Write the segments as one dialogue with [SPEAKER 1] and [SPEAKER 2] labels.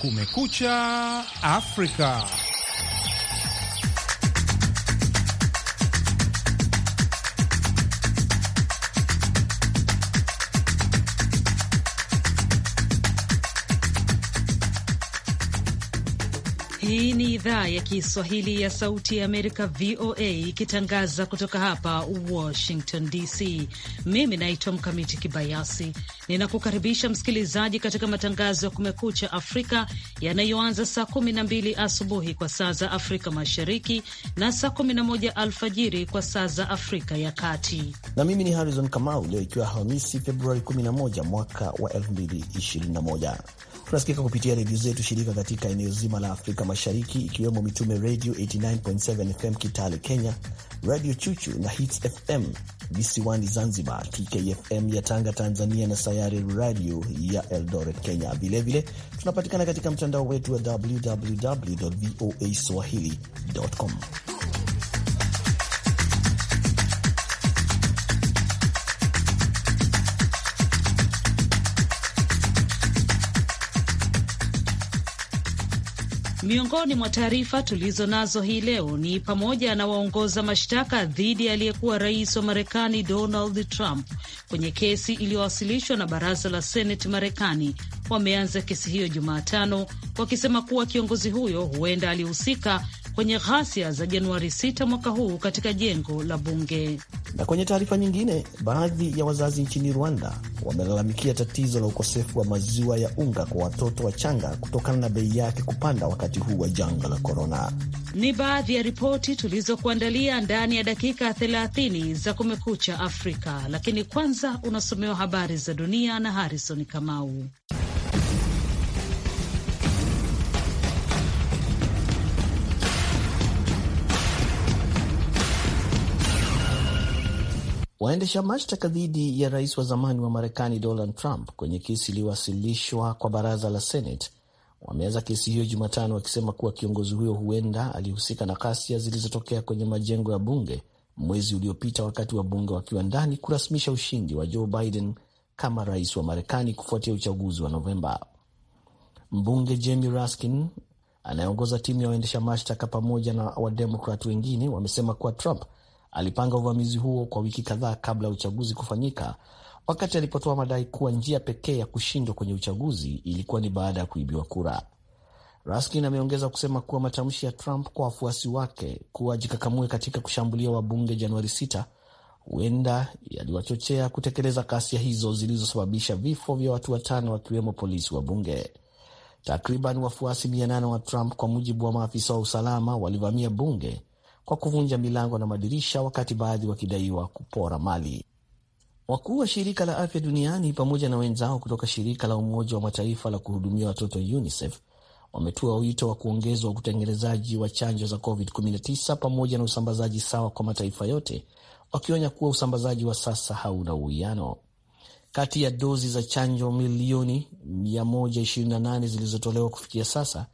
[SPEAKER 1] Kumekucha África.
[SPEAKER 2] idhaa ya Kiswahili ya Sauti ya Amerika, VOA, ikitangaza kutoka hapa Washington DC. Mimi naitwa Mkamiti Kibayasi, ninakukaribisha msikilizaji katika matangazo ya Kumekucha Afrika yanayoanza saa 12 asubuhi kwa saa za Afrika Mashariki na saa 11 alfajiri kwa saa za Afrika ya Kati.
[SPEAKER 3] Na mimi ni Harrison Kamau. Leo ikiwa Alhamisi Februari 11 mwaka wa 2021 Tunasikika kupitia redio zetu shirika katika eneo zima la Afrika Mashariki, ikiwemo Mitume Radio 89.7 FM Kitale Kenya, Radio Chuchu na Hits FM visiwani Zanzibar, TKFM ya Tanga Tanzania, na Sayari Radio ya Eldoret Kenya. Vilevile tunapatikana katika mtandao wetu wa www voa swahili.com.
[SPEAKER 2] Miongoni mwa taarifa tulizo nazo hii leo ni pamoja na waongoza mashtaka dhidi ya aliyekuwa rais wa Marekani Donald Trump kwenye kesi iliyowasilishwa na baraza la Seneti Marekani wameanza kesi hiyo Jumatano wakisema kuwa kiongozi huyo huenda alihusika kwenye ghasia za Januari 6 mwaka huu katika jengo la bunge.
[SPEAKER 3] Na kwenye taarifa nyingine, baadhi ya wazazi nchini Rwanda wamelalamikia tatizo la ukosefu wa maziwa ya unga kwa watoto wachanga kutokana na bei yake kupanda wakati huu wa janga la korona.
[SPEAKER 2] Ni baadhi ya ripoti tulizokuandalia ndani ya dakika 30 za Kumekucha Afrika, lakini kwanza unasomewa habari za dunia na Harrison Kamau.
[SPEAKER 3] Waendesha mashtaka dhidi ya rais wa zamani wa Marekani Donald Trump kwenye kesi iliyowasilishwa kwa baraza la Senate wameanza kesi hiyo Jumatano wakisema kuwa kiongozi huyo huenda alihusika na ghasia zilizotokea kwenye majengo ya bunge mwezi uliopita, wakati wa bunge wakiwa ndani kurasmisha ushindi wa Joe Biden kama rais wa Marekani kufuatia uchaguzi wa Novemba. Mbunge Jamie Raskin anayeongoza timu ya waendesha mashtaka pamoja na Wademokrat wengine wamesema kuwa Trump alipanga uvamizi huo kwa wiki kadhaa kabla ya uchaguzi kufanyika, wakati alipotoa madai kuwa njia pekee ya kushindwa kwenye uchaguzi ilikuwa ni baada ya kuibiwa kura. Raskin ameongeza kusema kuwa matamshi ya Trump kwa wafuasi wake kuwa jikakamue katika kushambulia wabunge Januari 6 huenda yaliwachochea kutekeleza ghasia hizo zilizosababisha vifo vya watu watano wakiwemo polisi wa bunge. Takriban wafuasi 8 wa Trump, kwa mujibu wa maafisa wa usalama, walivamia bunge kwa kuvunja milango na madirisha, wakati baadhi wakidaiwa kupora mali. Wakuu wa shirika la afya duniani pamoja na wenzao kutoka shirika la Umoja wa Mataifa la kuhudumia watoto UNICEF wametoa wito wa kuongezwa utengenezaji wa chanjo za COVID-19 pamoja na usambazaji sawa kwa mataifa yote, wakionya kuwa usambazaji wa sasa hauna uwiano kati ya dozi za chanjo milioni 128 zilizotolewa kufikia sasa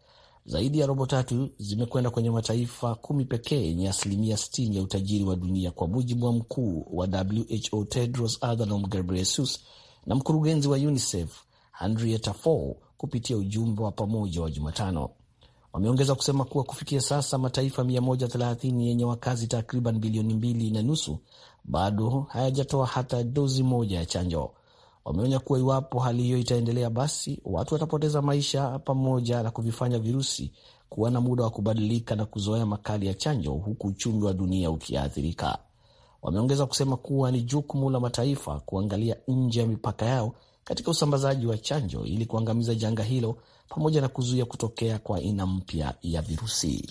[SPEAKER 3] zaidi ya robo tatu zimekwenda kwenye mataifa kumi pekee yenye asilimia 60 ya utajiri wa dunia, kwa mujibu wa mkuu wa WHO Tedros Adhanom Ghebreyesus na mkurugenzi wa UNICEF Henrietta Fore kupitia ujumbe wa pamoja wa Jumatano. Wameongeza kusema kuwa kufikia sasa mataifa 130 yenye wakazi takriban bilioni mbili na nusu bado hayajatoa hata dozi moja ya chanjo. Wameonya kuwa iwapo hali hiyo itaendelea, basi watu watapoteza maisha pamoja na kuvifanya virusi kuwa na muda wa kubadilika na kuzoea makali ya chanjo, huku uchumi wa dunia ukiathirika. Wameongeza kusema kuwa ni jukumu la mataifa kuangalia nje ya mipaka yao katika usambazaji wa chanjo ili kuangamiza janga hilo pamoja na kuzuia kutokea kwa aina mpya ya virusi.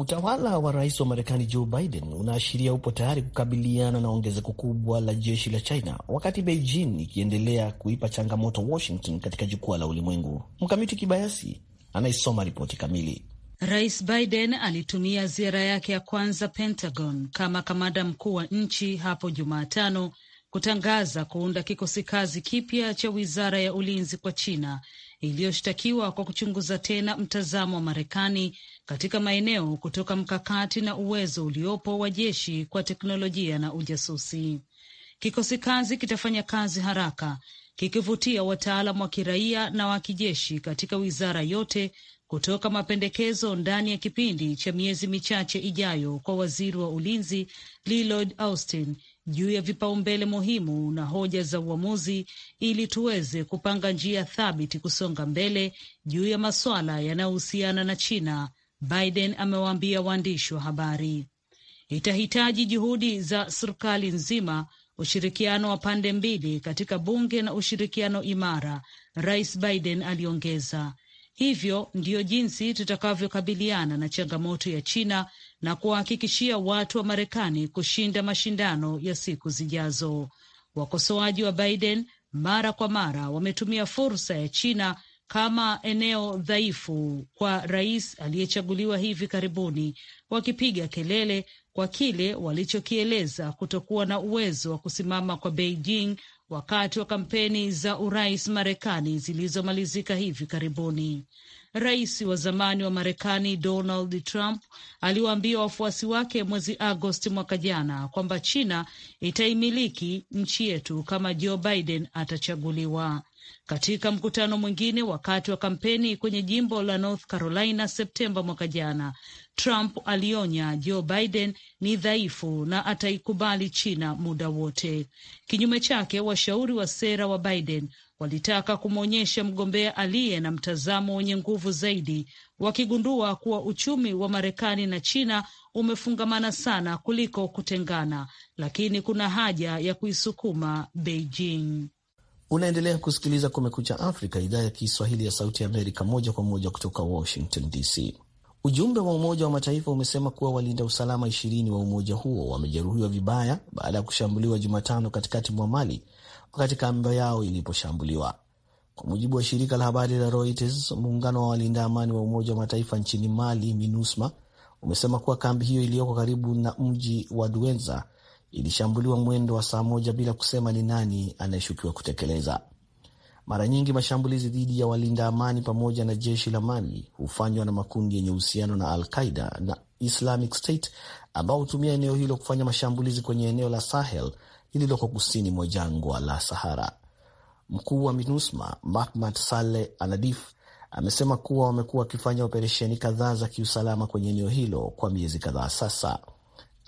[SPEAKER 3] Utawala wa rais wa Marekani Joe Biden unaashiria upo tayari kukabiliana na ongezeko kubwa la jeshi la China, wakati Beijing ikiendelea kuipa changamoto Washington katika jukwaa la ulimwengu. Mkamiti Kibayasi anaisoma ripoti kamili.
[SPEAKER 2] Rais Biden alitumia ziara yake ya kwanza Pentagon kama kamanda mkuu wa nchi hapo Jumatano kutangaza kuunda kikosi kazi kipya cha wizara ya ulinzi kwa China iliyoshtakiwa kwa kuchunguza tena mtazamo wa Marekani katika maeneo kutoka mkakati na uwezo uliopo wa jeshi kwa teknolojia na ujasusi. Kikosi kazi kitafanya kazi haraka kikivutia wataalam wa kiraia na wa kijeshi katika wizara yote kutoka mapendekezo ndani ya kipindi cha miezi michache ijayo kwa waziri wa ulinzi Lloyd Austin juu ya vipaumbele muhimu na hoja za uamuzi ili tuweze kupanga njia thabiti kusonga mbele juu ya masuala yanayohusiana na China Biden amewaambia waandishi wa habari, itahitaji juhudi za serikali nzima, ushirikiano wa pande mbili katika bunge na ushirikiano imara, Rais Biden aliongeza. Hivyo ndiyo jinsi tutakavyokabiliana na changamoto ya China na kuwahakikishia watu wa Marekani kushinda mashindano ya siku zijazo. Wakosoaji wa Biden mara kwa mara wametumia fursa ya China kama eneo dhaifu kwa rais aliyechaguliwa hivi karibuni, wakipiga kelele kwa kile walichokieleza kutokuwa na uwezo wa kusimama kwa Beijing wakati wa kampeni za urais Marekani zilizomalizika hivi karibuni. Rais wa zamani wa Marekani Donald Trump aliwaambia wafuasi wake mwezi Agosti mwaka jana kwamba China itaimiliki nchi yetu kama Joe Biden atachaguliwa katika mkutano mwingine wakati wa kampeni kwenye jimbo la North Carolina Septemba mwaka jana. Trump alionya Joe Biden ni dhaifu na ataikubali China muda wote. Kinyume chake, washauri wa sera wa Biden walitaka kumwonyesha mgombea aliye na mtazamo wenye nguvu zaidi, wakigundua kuwa uchumi wa Marekani na China umefungamana sana kuliko kutengana, lakini kuna haja ya kuisukuma Beijing.
[SPEAKER 3] Unaendelea kusikiliza Kumekucha Afrika, idhaa ya Kiswahili ya Sauti Amerika, moja kwa moja kutoka Washington DC. Ujumbe wa Umoja wa Mataifa umesema kuwa walinda usalama ishirini wa umoja huo wamejeruhiwa vibaya baada ya kushambuliwa Jumatano katikati mwa Mali wakati kambi yao iliposhambuliwa. Kwa mujibu wa shirika la habari la Reuters, muungano wa walinda amani wa Umoja wa Mataifa nchini Mali, MINUSMA, umesema kuwa kambi hiyo iliyoko karibu na mji wa Duenza ilishambuliwa mwendo wa saa moja bila kusema ni nani anayeshukiwa kutekeleza. Mara nyingi mashambulizi dhidi ya walinda amani pamoja na jeshi la Mali hufanywa na makundi yenye uhusiano na alqaida na Islamic State ambao hutumia eneo hilo kufanya mashambulizi kwenye eneo la Sahel lililoko kusini mwa jangwa la Sahara. Mkuu wa MINUSMA Mahmad Saleh Anadif amesema kuwa wamekuwa wakifanya operesheni kadhaa za kiusalama kwenye eneo hilo kwa miezi kadhaa sasa.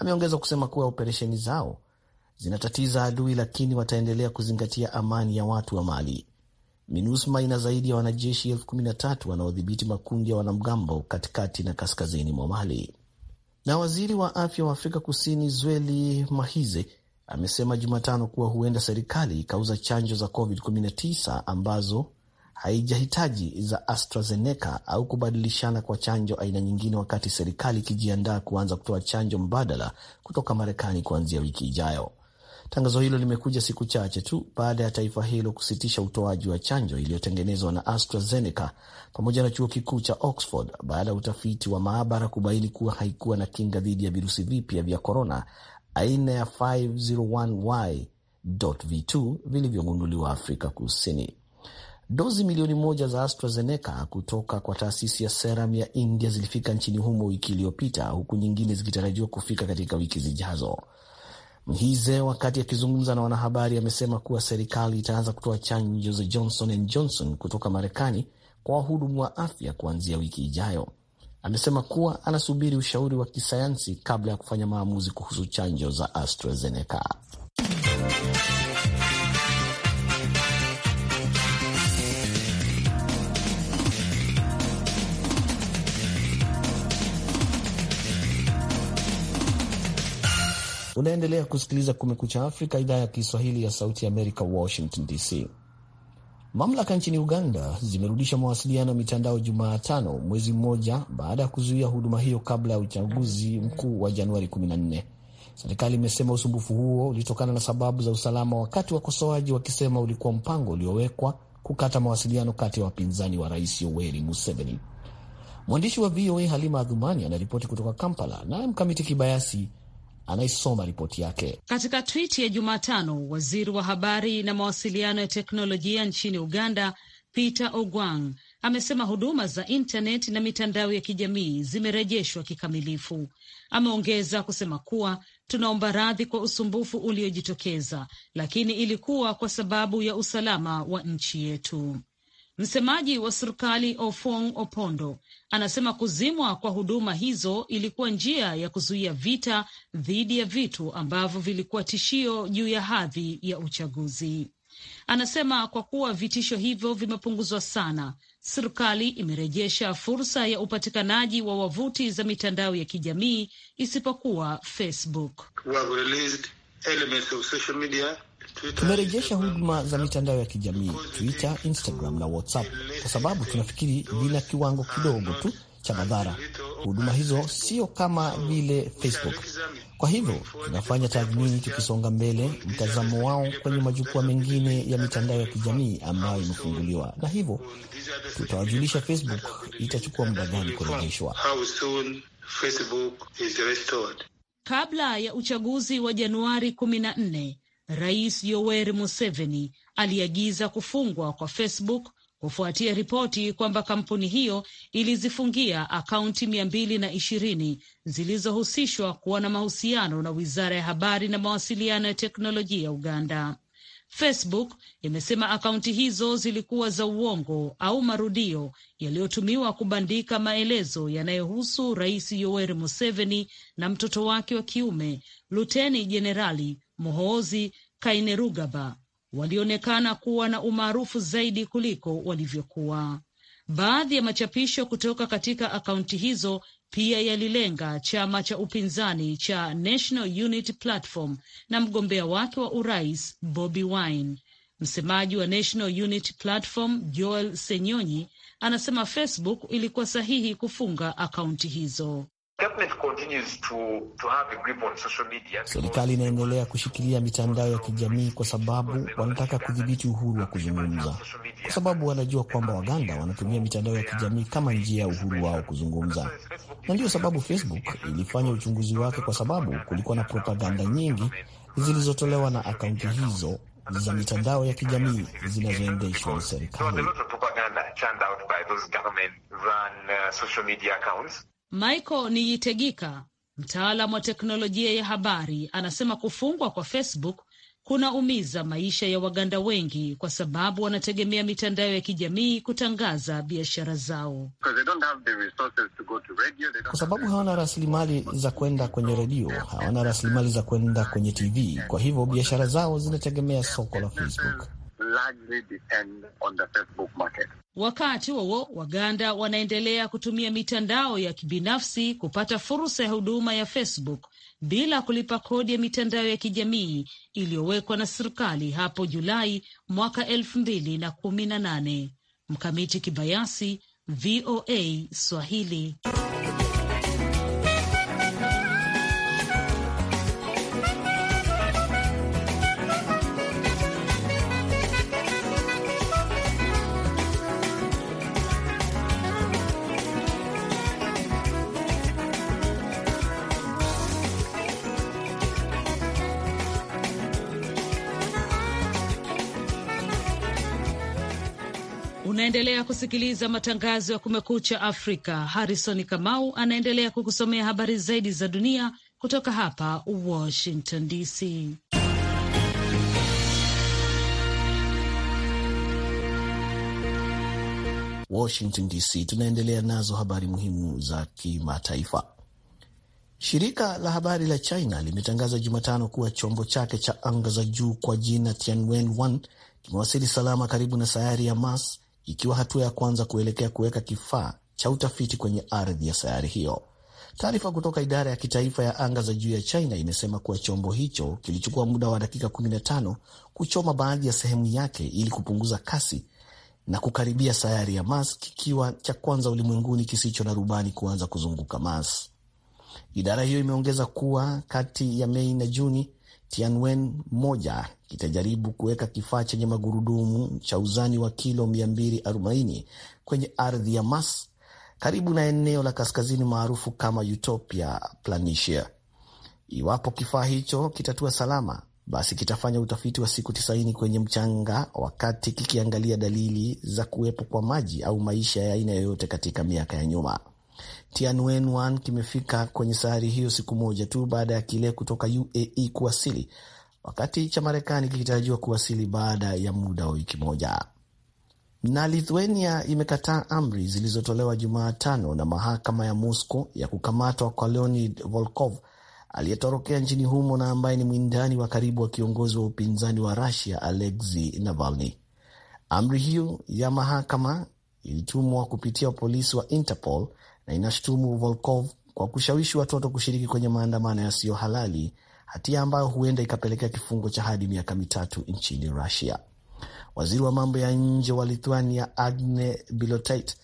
[SPEAKER 3] Ameongeza kusema kuwa operesheni zao zinatatiza adui, lakini wataendelea kuzingatia amani ya watu wa Mali. MINUSMA ina zaidi ya wanajeshi elfu kumi na tatu wanaodhibiti makundi ya wanamgambo katikati na kaskazini mwa Mali. Na waziri wa afya wa Afrika Kusini Zweli Mahize amesema Jumatano kuwa huenda serikali ikauza chanjo za COVID-19 ambazo haijahitaji za AstraZeneca au kubadilishana kwa chanjo aina nyingine, wakati serikali ikijiandaa kuanza kutoa chanjo mbadala kutoka Marekani kuanzia wiki ijayo. Tangazo hilo limekuja siku chache tu baada ya taifa hilo kusitisha utoaji wa chanjo iliyotengenezwa na AstraZeneca pamoja na chuo kikuu cha Oxford baada ya utafiti wa maabara kubaini kuwa haikuwa na kinga dhidi ya virusi vipya vya korona aina ya 501Y.V2 vilivyogunduliwa Afrika Kusini. Dozi milioni moja za AstraZeneca kutoka kwa taasisi ya Serum ya India zilifika nchini humo wiki iliyopita, huku nyingine zikitarajiwa kufika katika wiki zijazo. Mhize, wakati akizungumza na wanahabari, amesema kuwa serikali itaanza kutoa chanjo za Johnson and Johnson kutoka Marekani kwa wahudumu wa afya kuanzia wiki ijayo. Amesema kuwa anasubiri ushauri wa kisayansi kabla ya kufanya maamuzi kuhusu chanjo za AstraZeneca. Unaendelea kusikiliza Kumekucha Afrika, idhaa ya Kiswahili ya Sauti Amerika, Washington DC. Mamlaka nchini Uganda zimerudisha mawasiliano ya mitandao Jumatano, mwezi mmoja baada ya kuzuia huduma hiyo kabla ya uchaguzi mkuu wa Januari 14. Serikali imesema usumbufu huo ulitokana na sababu za usalama, wakati wakosoaji wakisema ulikuwa mpango uliowekwa kukata mawasiliano kati ya wapinzani wa Rais Yoweri Museveni. Mwandishi wa VOA Halima Adhumani anaripoti kutoka Kampala, naye Mkamiti Kibayasi anayesoma ripoti yake.
[SPEAKER 2] Katika twiti ya Jumatano, waziri wa habari na mawasiliano ya teknolojia nchini Uganda Peter Ogwang amesema huduma za intaneti na mitandao ya kijamii zimerejeshwa kikamilifu. Ameongeza kusema kuwa tunaomba radhi kwa usumbufu uliojitokeza, lakini ilikuwa kwa sababu ya usalama wa nchi yetu. Msemaji wa serikali Ofong Opondo anasema kuzimwa kwa huduma hizo ilikuwa njia ya kuzuia vita dhidi ya vitu ambavyo vilikuwa tishio juu ya hadhi ya uchaguzi. Anasema kwa kuwa vitisho hivyo vimepunguzwa sana, serikali imerejesha fursa ya upatikanaji wa wavuti za mitandao ya kijamii isipokuwa Facebook.
[SPEAKER 1] We have
[SPEAKER 3] Tumerejesha huduma za mitandao ya kijamii Twitter, Instagram na WhatsApp kwa sababu tunafikiri vina kiwango kidogo tu cha madhara. Huduma hizo sio kama vile Facebook. Kwa hivyo tunafanya tathmini tukisonga mbele mtazamo wao kwenye majukwaa mengine ya mitandao ya kijamii ambayo imefunguliwa, na hivyo tutawajulisha Facebook itachukua muda gani kurejeshwa.
[SPEAKER 2] Kabla ya uchaguzi wa Januari 14 Rais Yoweri Museveni aliagiza kufungwa kwa Facebook kufuatia ripoti kwamba kampuni hiyo ilizifungia akaunti mia mbili na ishirini zilizohusishwa kuwa na mahusiano na wizara ya habari na mawasiliano ya teknolojia Uganda. Facebook imesema akaunti hizo zilikuwa za uongo au marudio yaliyotumiwa kubandika maelezo yanayohusu Rais Yoweri Museveni na mtoto wake wa kiume Luteni Jenerali Muhoozi Kainerugaba walionekana kuwa na umaarufu zaidi kuliko walivyokuwa. Baadhi ya machapisho kutoka katika akaunti hizo pia yalilenga chama cha upinzani cha National Unity Platform na mgombea wake wa urais Bobi Wine. Msemaji wa National Unity Platform Joel Senyonyi anasema Facebook ilikuwa sahihi kufunga akaunti hizo.
[SPEAKER 3] Serikali inaendelea kushikilia mitandao ya kijamii kwa sababu wanataka kudhibiti uhuru wa kuzungumza, kwa sababu wanajua kwamba Waganda wanatumia mitandao ya kijamii kama njia ya uhuru wao kuzungumza. Na ndiyo sababu Facebook ilifanya uchunguzi wake, kwa sababu kulikuwa na propaganda nyingi zilizotolewa na akaunti hizo za mitandao ya kijamii zinazoendeshwa na serikali.
[SPEAKER 2] Michael yitegika mtaalam wa teknolojia ya habari, anasema kufungwa kwa Facebook kuna umiza maisha ya Waganda wengi kwa sababu wanategemea mitandao ya kijamii kutangaza biashara zao, kwa sababu hawana rasilimali
[SPEAKER 3] za kwenda kwenye redio, hawana rasilimali za kwenda kwenye TV. Kwa hivyo biashara zao zinategemea soko la Facebook
[SPEAKER 2] largely depend on the Facebook market. Wakati huo Waganda wanaendelea kutumia mitandao ya kibinafsi kupata fursa ya huduma ya Facebook bila kulipa kodi ya mitandao ya kijamii iliyowekwa na serikali hapo Julai mwaka elfu mbili na kumi na nane. Mkamiti Kibayasi, VOA Swahili. Unaendelea kusikiliza matangazo ya Kumekucha Afrika. Harrison Kamau anaendelea kukusomea habari zaidi za dunia kutoka hapa Washington DC.
[SPEAKER 3] Washington DC, tunaendelea nazo habari muhimu za kimataifa. Shirika la habari la China limetangaza Jumatano kuwa chombo chake cha anga za juu kwa jina Tianwen-1 kimewasili salama karibu na sayari ya Mars ikiwa hatua ya kwanza kuelekea kuweka kifaa cha utafiti kwenye ardhi ya sayari hiyo. Taarifa kutoka idara ya kitaifa ya anga za juu ya China imesema kuwa chombo hicho kilichukua muda wa dakika 15 kuchoma baadhi ya sehemu yake ili kupunguza kasi na kukaribia sayari ya Mars, kikiwa cha kwanza ulimwenguni kisicho na rubani kuanza kuzunguka Mars. Idara hiyo imeongeza kuwa kati ya Mei na Juni Tianwen moja kitajaribu kuweka kifaa chenye magurudumu cha uzani wa kilo 240 kwenye ardhi ya Mars karibu na eneo la kaskazini maarufu kama Utopia Planitia. Iwapo kifaa hicho kitatua salama, basi kitafanya utafiti wa siku 90 kwenye mchanga wakati kikiangalia dalili za kuwepo kwa maji au maisha ya aina yoyote katika miaka ya nyuma. Tianwen-1 kimefika kwenye sayari hiyo siku moja tu baada ya kile kutoka UAE kuwasili, wakati cha Marekani kikitarajiwa kuwasili baada ya muda wa wiki moja. Na Lithuania imekataa amri zilizotolewa Jumatano na mahakama ya Moscow ya kukamatwa kwa Leonid Volkov aliyetorokea nchini humo na ambaye ni mwindani wa karibu wa kiongozi wa upinzani wa Russia Alexei Navalny. Amri hiyo ya mahakama ilitumwa kupitia polisi wa Interpol na inashutumu Volkov kwa kushawishi watoto kushiriki kwenye maandamano yasiyo halali, hatia ambayo huenda ikapelekea kifungo cha hadi miaka mitatu nchini Rusia. Waziri wa mambo ya nje wa Lithuania Agne Bilotait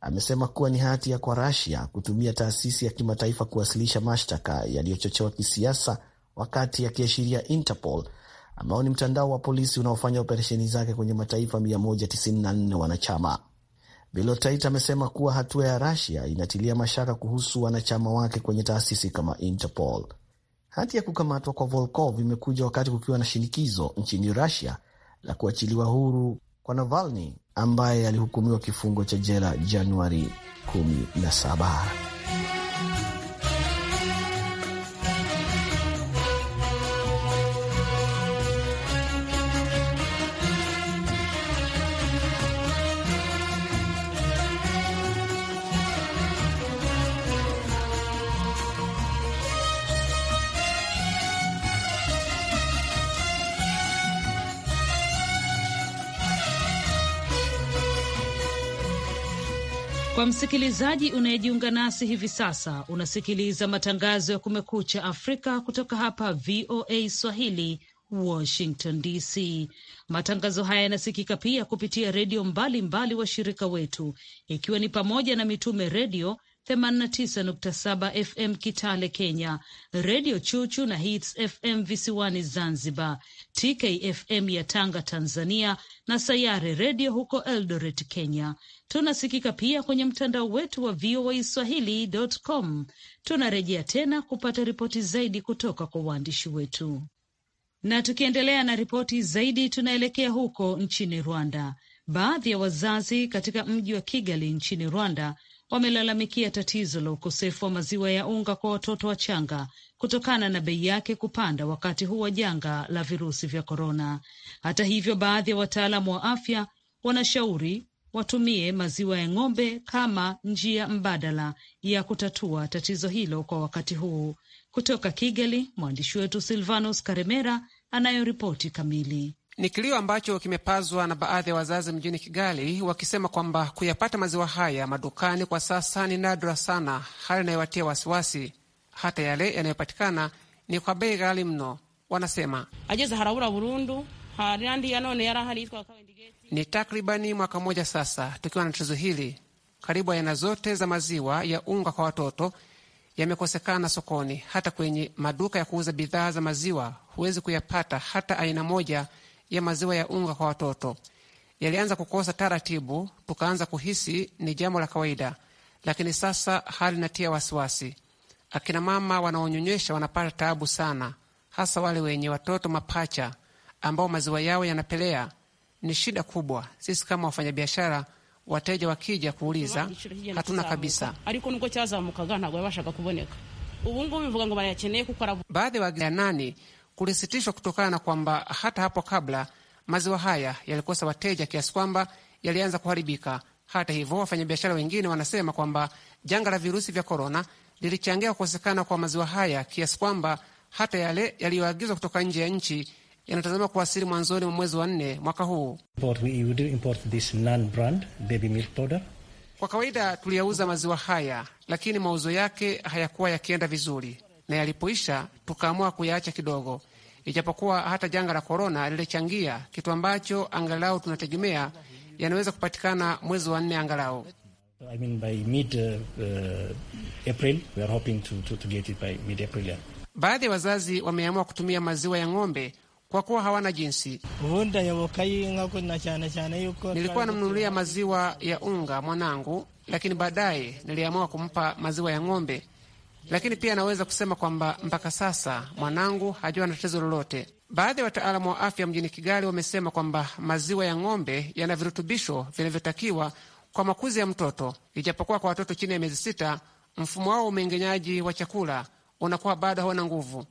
[SPEAKER 3] amesema kuwa ni hatia kwa Rusia kutumia taasisi ya kimataifa kuwasilisha mashtaka yaliyochochewa kisiasa, wakati akiashiria Interpol ambao ni mtandao wa polisi unaofanya operesheni zake kwenye mataifa 194 wanachama. Bilotait amesema kuwa hatua ya rasia inatilia mashaka kuhusu wanachama wake kwenye taasisi kama Interpol. Hati ya kukamatwa kwa Volkov imekuja wakati kukiwa na shinikizo nchini rasia la kuachiliwa huru kwa Navalny ambaye alihukumiwa kifungo cha jela Januari 17.
[SPEAKER 2] Kwa msikilizaji unayejiunga nasi hivi sasa, unasikiliza matangazo ya Kumekucha Afrika kutoka hapa VOA Swahili, Washington DC. Matangazo haya yanasikika pia kupitia redio mbalimbali washirika wetu, ikiwa ni pamoja na Mitume Redio 89.7 FM Kitale Kenya, Redio Chuchu na Hits FM visiwani Zanzibar, TKFM ya Tanga Tanzania na Sayare Redio huko Eldoret Kenya. Tunasikika pia kwenye mtandao wetu wa VOA Swahili.com. Tunarejea tena kupata ripoti zaidi kutoka kwa waandishi wetu. Na tukiendelea na ripoti zaidi, tunaelekea huko nchini Rwanda. Baadhi ya wazazi katika mji wa Kigali nchini Rwanda wamelalamikia tatizo la ukosefu wa maziwa ya unga kwa watoto wachanga kutokana na bei yake kupanda wakati huu wa janga la virusi vya korona. Hata hivyo, baadhi ya wataalamu wa afya wanashauri watumie maziwa ya ng'ombe kama njia mbadala ya kutatua tatizo hilo kwa wakati huu. Kutoka Kigali, mwandishi wetu Silvanus Karemera anayoripoti kamili.
[SPEAKER 4] Ni kilio ambacho kimepazwa na baadhi ya wazazi mjini Kigali, wakisema kwamba kuyapata maziwa haya madukani kwa sasa ni nadra sana, hali inayowatia wasiwasi. Hata yale yanayopatikana ni kwa bei ghali mno, wanasema. Ni takribani mwaka mmoja sasa tukiwa na tatizo hili. Karibu aina zote za maziwa ya unga kwa watoto yamekosekana sokoni. Hata kwenye maduka ya kuuza bidhaa za maziwa huwezi kuyapata hata aina moja ya maziwa ya unga kwa watoto yalianza kukosa taratibu, tukaanza kuhisi ni jambo la kawaida, lakini sasa hali inatia wasiwasi. Akina mama wanaonyonyesha wanapata taabu sana, hasa wale wenye watoto mapacha ambao maziwa yao yanapelea. Ni shida kubwa. Sisi kama wafanyabiashara, wateja wakija kuuliza,
[SPEAKER 2] hatuna kabisa.
[SPEAKER 4] Baadhi ya wagiza nani kulisitishwa kutokana na kwamba hata hapo kabla maziwa haya yalikosa wateja kiasi kwamba yalianza kuharibika. Hata hivyo, wafanyabiashara wengine wanasema kwamba janga la virusi vya korona lilichangia kukosekana kwa maziwa haya kiasi kwamba hata yale yaliyoagizwa kutoka nje ya nchi yanatazama kuwasili mwanzoni mwa mwezi wa nne mwaka huu. Kwa kawaida tuliyauza maziwa haya, lakini mauzo yake hayakuwa yakienda vizuri na yalipoisha tukaamua kuyaacha kidogo, ijapokuwa hata janga la korona lilichangia, kitu ambacho angalau tunategemea yanaweza kupatikana mwezi wa nne angalau.
[SPEAKER 3] I mean by mid, uh, uh, April, we are hoping to, to, to get it by mid April, yeah.
[SPEAKER 4] Baadhi ya wazazi wameamua kutumia maziwa ya ng'ombe kwa kuwa hawana
[SPEAKER 3] jinsi. Nilikuwa
[SPEAKER 4] namnunulia maziwa ya unga mwanangu, lakini baadaye niliamua kumpa maziwa ya ng'ombe lakini pia anaweza kusema kwamba mpaka sasa mwanangu hajawa na tatizo lolote. Baadhi ya wataalamu wa afya mjini Kigali wamesema kwamba maziwa ya ng'ombe yana virutubisho vinavyotakiwa kwa makuzi ya mtoto, ijapokuwa kwa watoto chini ya miezi sita mfumo wao wa umeng'enyaji wa chakula unakuwa bado hawana nguvu.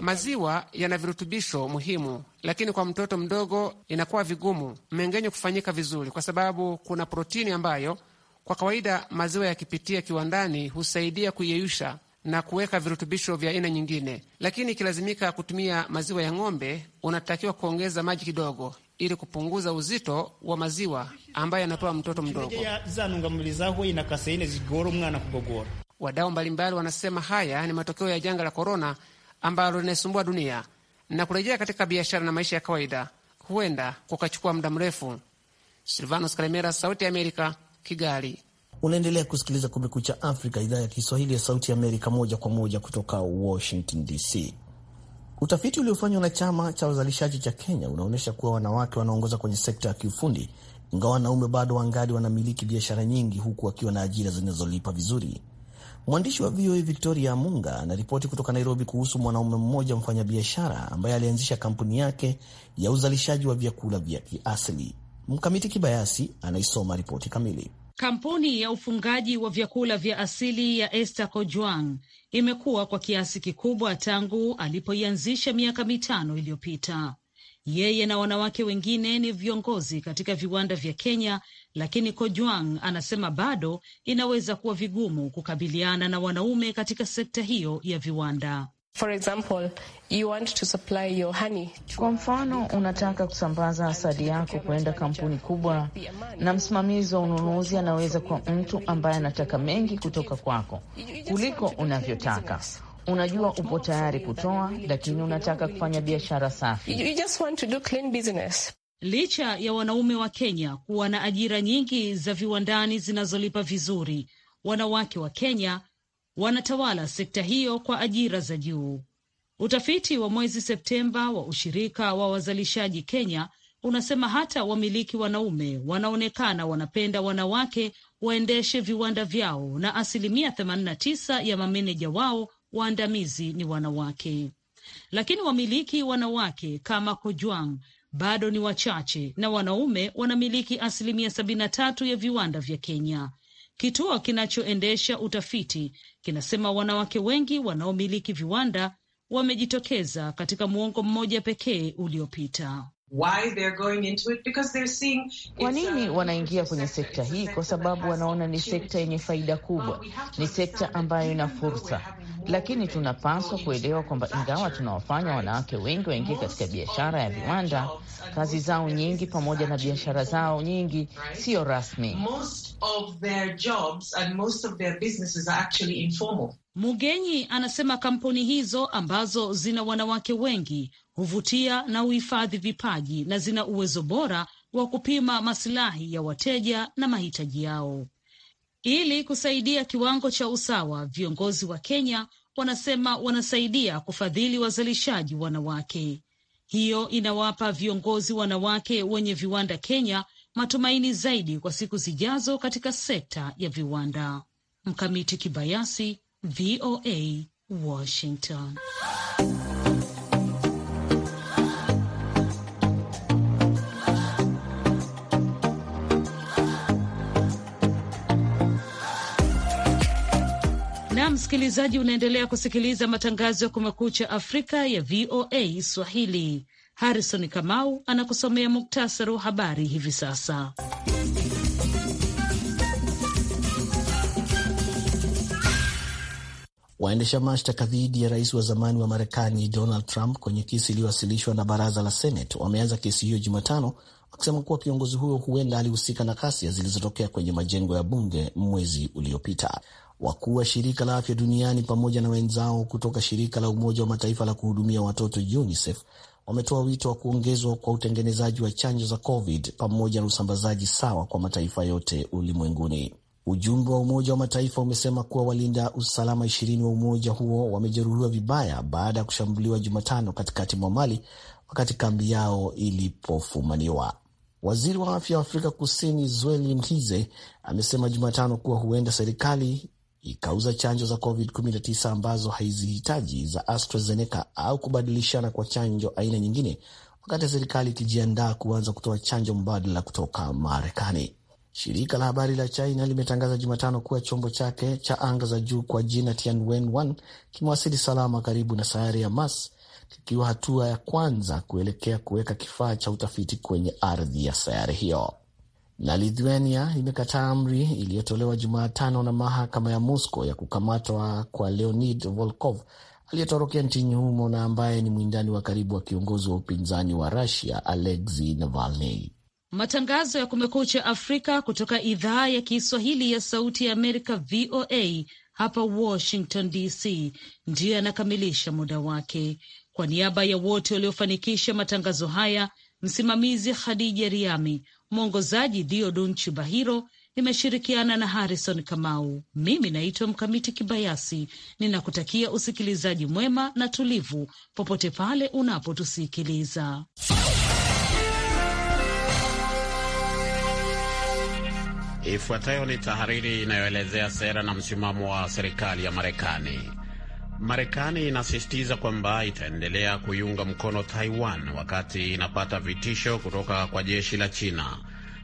[SPEAKER 4] Maziwa yana virutubisho muhimu, lakini kwa mtoto mdogo inakuwa vigumu mmeng'enyo kufanyika vizuri, kwa sababu kuna protini ambayo kwa kawaida maziwa yakipitia kiwandani husaidia kuyeyusha na kuweka virutubisho vya aina nyingine, lakini ikilazimika kutumia maziwa ya ng'ombe, unatakiwa kuongeza maji kidogo ili kupunguza uzito wa maziwa ambayo yanatoa mtoto mdogo. Wadau mbalimbali wanasema haya ni matokeo ya janga la korona ambalo linaisumbua dunia na kurejea katika biashara na maisha ya kawaida huenda kukachukua muda mrefu. Silvanos Kalemera, Sauti ya Amerika, Kigali.
[SPEAKER 3] Unaendelea kusikiliza Kumekucha Afrika, idhaa ya Kiswahili ya Sauti ya Amerika, moja kwa moja kutoka Washington DC. Utafiti uliofanywa na chama cha wazalishaji cha Kenya unaonyesha kuwa wanawake wanaongoza kwenye sekta ya kiufundi, ingawa wanaume bado wangali wanamiliki biashara nyingi, huku wakiwa na ajira zinazolipa vizuri. Mwandishi wa VOA Victoria Munga anaripoti kutoka Nairobi kuhusu mwanaume mmoja mfanyabiashara ambaye alianzisha kampuni yake ya uzalishaji wa vyakula vya kiasili. Mkamiti Kibayasi anaisoma ripoti kamili.
[SPEAKER 2] Kampuni ya ufungaji wa vyakula vya asili ya Esther Kojwang imekuwa kwa kiasi kikubwa tangu alipoianzisha miaka mitano iliyopita. Yeye na wanawake wengine ni viongozi katika viwanda vya Kenya, lakini Kojwang anasema bado inaweza kuwa vigumu kukabiliana na wanaume katika sekta hiyo ya viwanda. For example, you want to supply your honey. Kwa mfano, unataka kusambaza asali yako kwenda kampuni kubwa, na msimamizi wa ununuzi anaweza kuwa mtu ambaye anataka mengi kutoka kwako kuliko unavyotaka. Unajua upo tayari kutoa, lakini unataka kufanya biashara safi. Licha ya wanaume wa Kenya kuwa na ajira nyingi za viwandani zinazolipa vizuri, wanawake wa Kenya wanatawala sekta hiyo kwa ajira za juu. Utafiti wa mwezi Septemba wa ushirika wa wazalishaji Kenya unasema hata wamiliki wanaume wanaonekana wanapenda wanawake waendeshe viwanda vyao na asilimia 89 ya mameneja wao waandamizi ni wanawake, lakini wamiliki wanawake kama Kojwang bado ni wachache na wanaume wanamiliki asilimia 73 ya viwanda vya Kenya. Kituo kinachoendesha utafiti kinasema wanawake wengi wanaomiliki viwanda wamejitokeza katika muongo mmoja pekee uliopita. Kwa nini uh, wanaingia kwenye sekta hii? Kwa sababu wanaona ni sekta yenye faida kubwa, ni sekta ambayo ina fursa. Lakini tunapaswa kuelewa kwamba ingawa tunawafanya wanawake wengi waingie katika biashara ya viwanda, kazi zao nyingi pamoja na biashara zao nyingi siyo rasmi. Mugenyi anasema kampuni hizo ambazo zina wanawake wengi huvutia na uhifadhi vipaji na zina uwezo bora wa kupima masilahi ya wateja na mahitaji yao. Ili kusaidia kiwango cha usawa, viongozi wa Kenya wanasema wanasaidia kufadhili wazalishaji wanawake. Hiyo inawapa viongozi wanawake wenye viwanda Kenya matumaini zaidi kwa siku zijazo katika sekta ya viwanda. Mkamiti Kibayasi, VOA, Washington. msikilizaji, unaendelea kusikiliza matangazo ya Kumekucha Afrika ya VOA Swahili. Harrison Kamau anakusomea muktasari wa habari hivi sasa.
[SPEAKER 3] Waendesha mashtaka dhidi ya rais wa zamani wa Marekani Donald Trump kwenye kesi iliyowasilishwa na baraza la Senate wameanza kesi hiyo Jumatano, wakisema kuwa kiongozi huyo huenda alihusika na ghasia zilizotokea kwenye majengo ya bunge mwezi uliopita. Wakuu wa shirika la afya duniani pamoja na wenzao kutoka shirika la Umoja wa Mataifa la kuhudumia watoto UNICEF wametoa wito wa kuongezwa kwa utengenezaji wa chanjo za COVID pamoja na usambazaji sawa kwa mataifa yote ulimwenguni. Ujumbe wa Umoja wa Mataifa umesema kuwa walinda usalama ishirini wa umoja huo wamejeruhiwa vibaya baada ya kushambuliwa Jumatano katikati mwa Mali wakati kambi yao ilipofumaniwa. Waziri wa afya wa Afrika Kusini Zweli Mkhize amesema Jumatano kuwa huenda serikali ikauza chanjo za COVID-19 ambazo haizihitaji za AstraZeneca au kubadilishana kwa chanjo aina nyingine, wakati serikali ikijiandaa kuanza kutoa chanjo mbadala kutoka Marekani. Shirika la habari la China limetangaza Jumatano kuwa chombo chake cha anga za juu kwa jina Tianwen-1 kimewasili salama karibu na sayari ya Mars, kikiwa hatua ya kwanza kuelekea kuweka kifaa cha utafiti kwenye ardhi ya sayari hiyo na Lithuania imekataa amri iliyotolewa Jumatano na mahakama ya Moscow ya kukamatwa kwa Leonid Volkov aliyetorokea nchini humo na ambaye ni mwindani wa karibu wa kiongozi wa upinzani wa Russia Alexei Navalny.
[SPEAKER 2] Matangazo ya Kumekucha Afrika kutoka idhaa ya Kiswahili ya Sauti ya Amerika, VOA hapa Washington DC, ndiyo yanakamilisha muda wake. Kwa niaba ya wote waliofanikisha matangazo haya Msimamizi Khadija Riami, mwongozaji Diodun Chibahiro. Nimeshirikiana na Harrison Kamau. Mimi naitwa Mkamiti Kibayasi, ninakutakia usikilizaji mwema na tulivu popote pale unapotusikiliza.
[SPEAKER 1] Ifuatayo ni tahariri inayoelezea sera na msimamo wa serikali ya Marekani. Marekani inasisitiza kwamba itaendelea kuiunga mkono Taiwan wakati inapata vitisho kutoka kwa jeshi la China.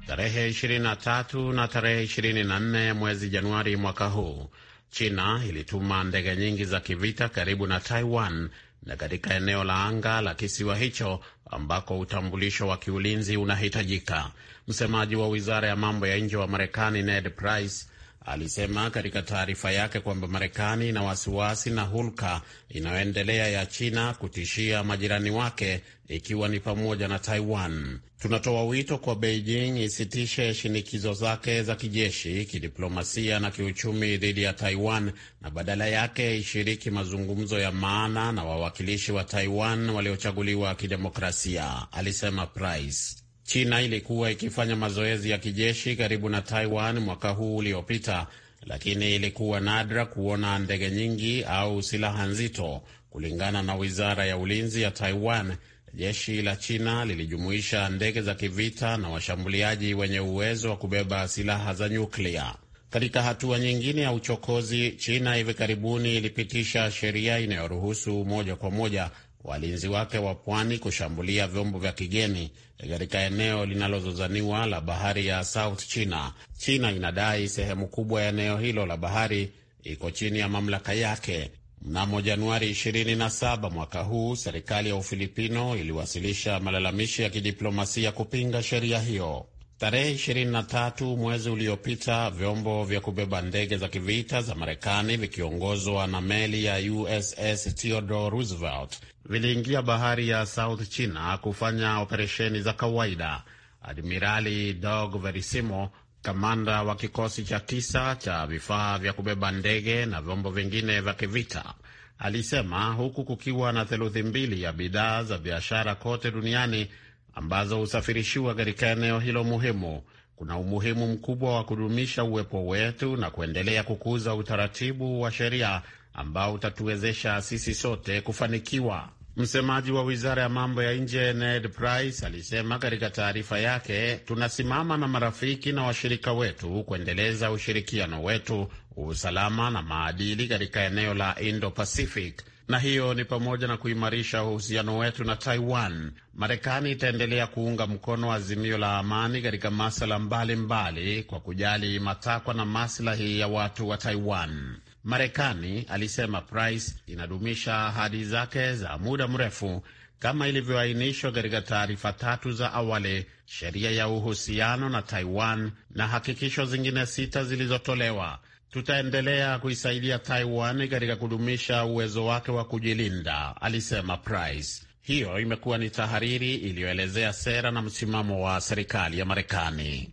[SPEAKER 1] Tarehe 23 na tarehe 24 mwezi Januari mwaka huu, China ilituma ndege nyingi za kivita karibu na Taiwan na katika eneo la anga la kisiwa hicho ambako utambulisho wa kiulinzi unahitajika. Msemaji wa wizara ya mambo ya nje wa Marekani Ned Price alisema katika taarifa yake kwamba Marekani ina wasiwasi na hulka inayoendelea ya China kutishia majirani wake ikiwa ni pamoja na Taiwan. Tunatoa wito kwa Beijing isitishe shinikizo zake za kijeshi, kidiplomasia na kiuchumi dhidi ya Taiwan na badala yake ishiriki mazungumzo ya maana na wawakilishi wa Taiwan waliochaguliwa kidemokrasia, alisema Price. China ilikuwa ikifanya mazoezi ya kijeshi karibu na Taiwan mwaka huu uliopita, lakini ilikuwa nadra kuona ndege nyingi au silaha nzito. Kulingana na wizara ya ulinzi ya Taiwan, jeshi la China lilijumuisha ndege za kivita na washambuliaji wenye uwezo wa kubeba silaha za nyuklia. Katika hatua nyingine ya uchokozi, China hivi karibuni ilipitisha sheria inayoruhusu moja kwa moja walinzi wake wa pwani kushambulia vyombo vya kigeni katika eneo linalozozaniwa la bahari ya South China. China inadai sehemu kubwa ya eneo hilo la bahari iko chini ya mamlaka yake. Mnamo Januari 27 mwaka huu, serikali ya Ufilipino iliwasilisha malalamishi ya kidiplomasia kupinga sheria hiyo. Tarehe 23 mwezi uliopita, vyombo vya kubeba ndege za kivita za Marekani vikiongozwa na meli ya USS Theodore Roosevelt viliingia bahari ya South China kufanya operesheni za kawaida. Admirali Dog verisimo kamanda wa kikosi cha tisa cha vifaa vya kubeba ndege na vyombo vingine vya kivita, alisema huku kukiwa na theluthi mbili ya bidhaa za biashara kote duniani ambazo husafirishiwa katika eneo hilo muhimu. Kuna umuhimu mkubwa wa kudumisha uwepo wetu na kuendelea kukuza utaratibu wa sheria ambao utatuwezesha sisi sote kufanikiwa. Msemaji wa wizara ya mambo ya nje Ned Price alisema katika taarifa yake, tunasimama na marafiki na washirika wetu kuendeleza ushirikiano wetu, usalama na maadili katika eneo la Indo Pacific na hiyo ni pamoja na kuimarisha uhusiano wetu na Taiwan. Marekani itaendelea kuunga mkono azimio la amani katika masala mbalimbali kwa kujali matakwa na maslahi ya watu wa Taiwan. Marekani, alisema Price, inadumisha ahadi zake za muda mrefu kama ilivyoainishwa katika taarifa tatu za awali, sheria ya uhusiano na Taiwan na hakikisho zingine sita zilizotolewa tutaendelea kuisaidia Taiwan katika kudumisha uwezo wake wa kujilinda, alisema Price. Hiyo imekuwa ni tahariri iliyoelezea sera na msimamo wa serikali ya Marekani.